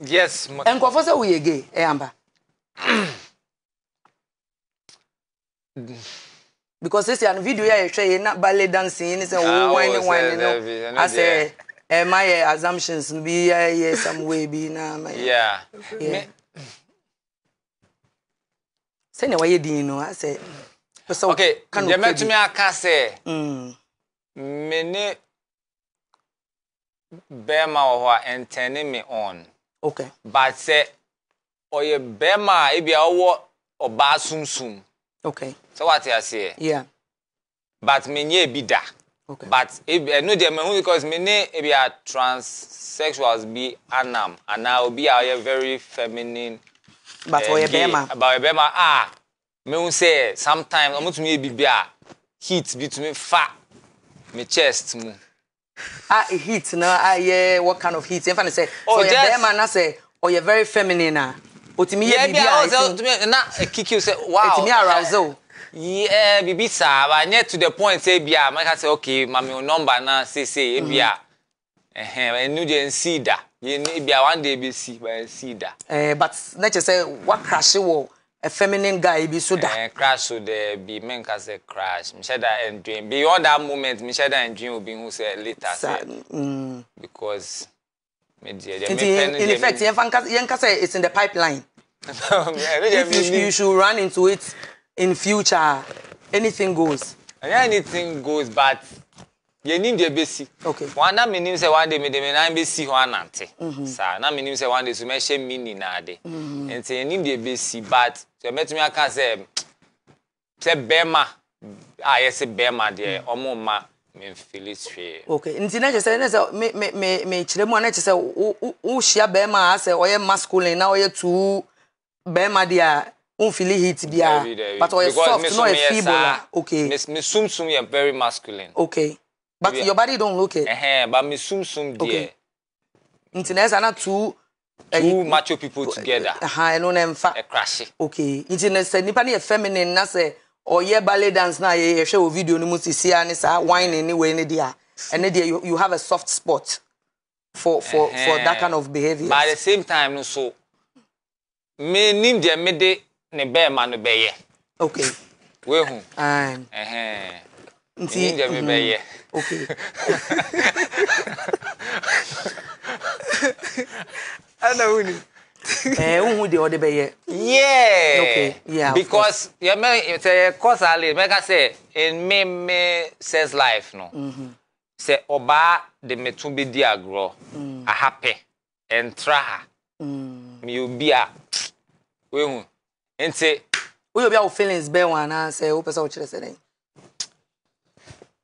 yes ma. nkɔfo sɛ woyɛ gay ɛyɛ eh, amba. because sisi ano video yɛ yɛhwɛ yɛ na ballet dancing yɛ ni sɛ wo wine wine no asɛ ɛ ma yɛ assumptions bi yɛ yɛ some way bi na ma yɛ. sɛnea wayɛ din no asɛ. okay yɛmɛtumi aka sɛ. me ne bɛrima wɔ hɔ a me on. okay but sɛ ɔyɛ bɛrima a ebi a ɔwɔ ɔbaa sunsun okay sɛ wate aseɛ yeah but menyɛ ebi da okay but if no, dear, mehu because me ne ebi a transsexuals be anam and now be ɔyɛ very feminine but eh, ɔyɛ bɛrima but ɔyɛ ah, a mehu sɛ sometimes ɔmo tumi ebi bi a heat bi tumi fat, me chest mu a ah, heat na ah, yeah. what kind of heat yɛn say, oh, sɛ ɔyɛ bɛrima na oh, you're very feminine a otumi yeah, bibi a ɛtum ah, na eh, kiki say, wow etumi arouse o. Yeah, baby, sir, but nye to the point say, bi a maka say, okay maame your number na sese ebi eh, mm-hmm. a ɛhɛn ɛnu de nsi da yɛ ebi a one day bi si but nsi da. Eh, but ne kyerɛ sɛ wa crash wɔ feminine guy bi so da. Uh, crash so there bi men ka say crash mi hyɛ da ndwin beyond that moment mi hyɛ da ndwin obi hu sɛ later sɛ mm. because mi deɛ deɛ mi pɛ ne deɛ mi. in effect yɛn fa yɛn ka sɛ it's in the pipeline. if you, you should run into it in future anything goes. anything goes but yɛnim deɛ bɛsi na menim sɛ wande mede me bɛsi hɔ anante saa na menim sɛ wande so mɛhyɛ mhm. mi nyinaa de nti yɛnim deɛ bɛsi but sɛ mɛtumi aka sɛ sɛ bɛrima a yɛse bɛrima deɛ ɔmo ma nti na sɛ ne sɛ mekyerɛ mu a na sɛ wohyia bɛrima a sɛ ɔyɛ masculine na ɔyɛ too bɛrima deɛ a unfili hit biara but ɔyɛ soft na ɔyɛ feeble a mesumsum yɛ very masculine okay But your body don't look it. Uh-huh, but me sum sum dear. Internet are not esa eh, two two macho people eh, together. Eh, I no na mfa. A crash. Okay. Nti na se nipa na ye feminine na se ye ballet dance na ye hwɛ wo video ni mu sisi ani sa wine anyway, ne ni dia. And there you, you have a soft spot for for uh-huh. for that kind of behavior. But at the same time no so me nim de me de ne be ma no be ye. Okay. We hu. Aye. Eh eh nti nja me bɛyɛ okay ana wuni eh uhu de ɔde bɛyɛ yeah okay yeah because you me say cause ali me ka say e in me me says life no mhm say oba de me tun be di agro mm. a happy and try mhm me obi a we hu nti we obi a feelings be one na say wo pesa wo kire say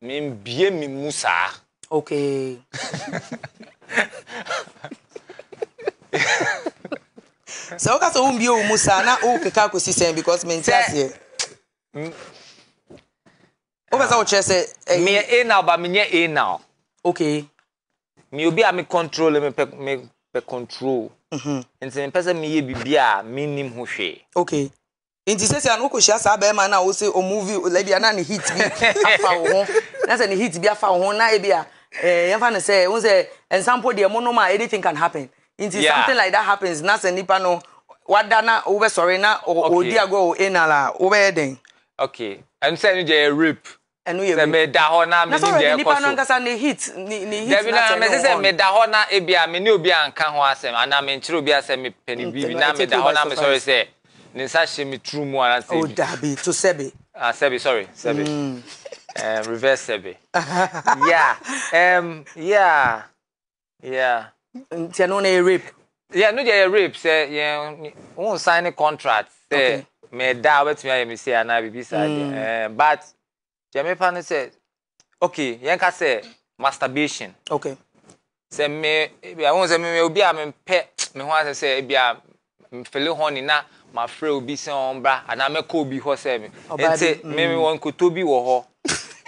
membie me mu saa ok sɛ woka sɛ wombie wo mu saa na wokeka akɔsi sɛn because menti aseɛ wopɛ sɛ wokyerɛ sɛ eh, meyɛ anal ba menyɛ anal okay me obi a me control me pɛ me pɛ control mhm. nti mepɛ sɛ meyɛ biribi a mennim ho hwee okay nti sɛ sɛ ano kɔhyia saa bɛrima no a wo sɛ ɔmovi labia na ne hit bi afa wo ho na sɛ ne hit bi afa wo ho na ebi a yɛmfa no sɛ wo sɛ nsampo deɛ monom a anything can happen nti yeah. something like that happens na sɛ nipa no wada oh, oh, oh, eh, na wobɛsɔre na ɔdi agɔ wɔ anal a wobɛyɛ den okay ɛno sɛ no gyɛ yɛ rape ɛnu yɛ bi sɛ meda hɔ na mi ni jɛ kɔ so na ne hit ne ne na sɛ ne wɔn dɛbi na mɛ sɛ meda hɔ na ebi a mi ni obi a ho asɛm ana mi nkyerɛ obi asɛm mi pɛ ni bi na meda hɔ na mi sɔrɔ sɛ ne nsa hyɛ me turu mu ara sɛbi. o dabi to sebi. ah sebi. sorry sebi. mm. um, reverse sebi. yeah um, yeah yeah. ntiɛ no na yɛ rape. yeah no deɛ yɛ rape sɛ yɛn n sign contract sɛ mɛ da a wobɛtumi ayɛ me sei anaa biribi saa deɛ but gyɛmepa no sɛ okay yɛnka sɛ masturbation. okay. sɛ me ebi a wɔn sɛ me obi a mempɛ me ho asɛ sɛ ebi a mfele hɔ ne na mafrɛ obi sɛ ɔmbra anaa mɛkɔ obi hɔ sɛ me nti meme mm. wɔn nkoto bi wɔ hɔ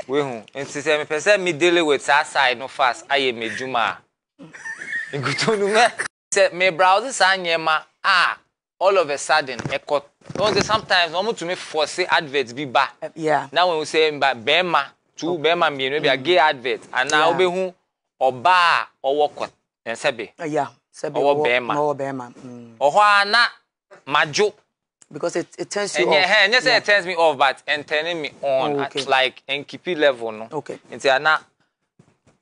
wehu nti sɛ mepɛ sɛ me dele with saa side no fast ayɛ m'adwuma a nkoto no mɛ sɛ mebrowse saa nneɛma a all of a sudden ɛkɔ ɔn sɛ sometimes wɔn tumi force advert bi ba na wɔn sɛ mba bɛrima tu bɛrima mmienu bi a mm. gay advert anaa wobɛhu ɔbaa a ɔwɔ kɔt nsebe yeah sebe owo bema owo bema mm. oho ana majo because it, it turns me off, but and turning me oh, okay. like NKP level, no. Okay. It's na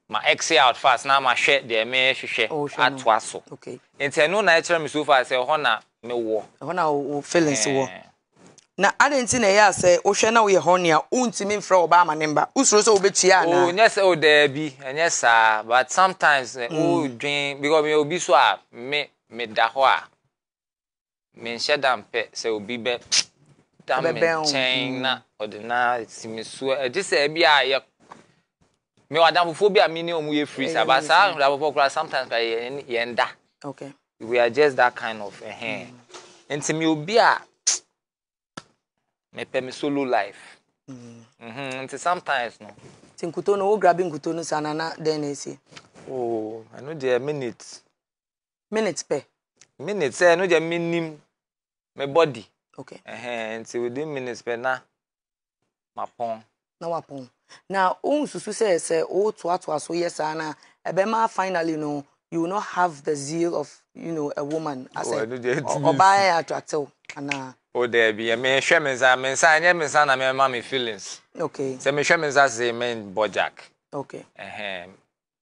my exit out fast now. My share the me share at twaso. Okay. It's na actually me so far say hona me wo. Hona wo feelings eh. wo na ade nti na ɛyɛ a sɛ wohwɛ na woyɛ hɔ nea wontumi mfrɛ ɔbaa ma ne mba wosuro sɛ wobɛtua anaanyɛ sɛ wo daa bi ɛnyɛ saa but sometimes eh, hmm. wodwen because meyɛ obi so a me meda hɔ a menhyɛ da mpɛ sɛ obi bɛ da me nkyɛn na hmm. ɔde na si me so sɛ ebi a yɛ me wɔ adamfofoɔ bi a me ne ɔmo yɛ firi saa but saa adamfofoɔ koraa sometimes yɛn da we are just that kind of ɛhɛn eh, hmm. eh. nti me obi a mepɛ me solo life mm. mhm, nti sometimes no nti nkuto no wo grabe nkuto no saa nana dɛn na ɛsi oo ɛno deɛ minute minute pɛ minute sɛ ɛno deɛ menim me body okay nti within minutes pɛ na mapɔn na wapɔn na wonsusu sɛ sɛ wotoatoa so yɛ saa na ma, finally no you will not have the zeal of you know a woman as a ɔbaa yɛ attractive anaa o dɛbi yɛ mehwɛ me nsa me nsa nyɛ me nsa na mɛma me feelings okay sɛ mehwɛ me nsa se me bɔ jack okay ɛhɛn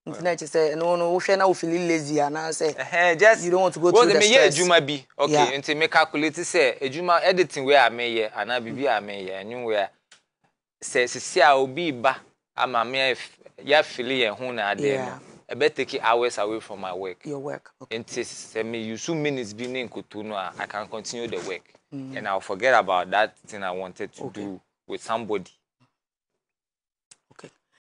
nti sɛ no no wohwɛ na wofili lazy anaa sɛ just you don't want to go through the stress meyɛ adwuma bi okay nti me calculate sɛ adwuma editing wei a meyɛ anaa biribi a meyɛ ɛnye wei a sɛ sisi a obi ba ama me yɛafili yɛn ho na adeɛ no I e take hours away from my work. Your work. Okay. And since I mean, two minutes being in Kutuno, I can continue the work. mm. and I'll forget about that thing I wanted to okay. do with somebody.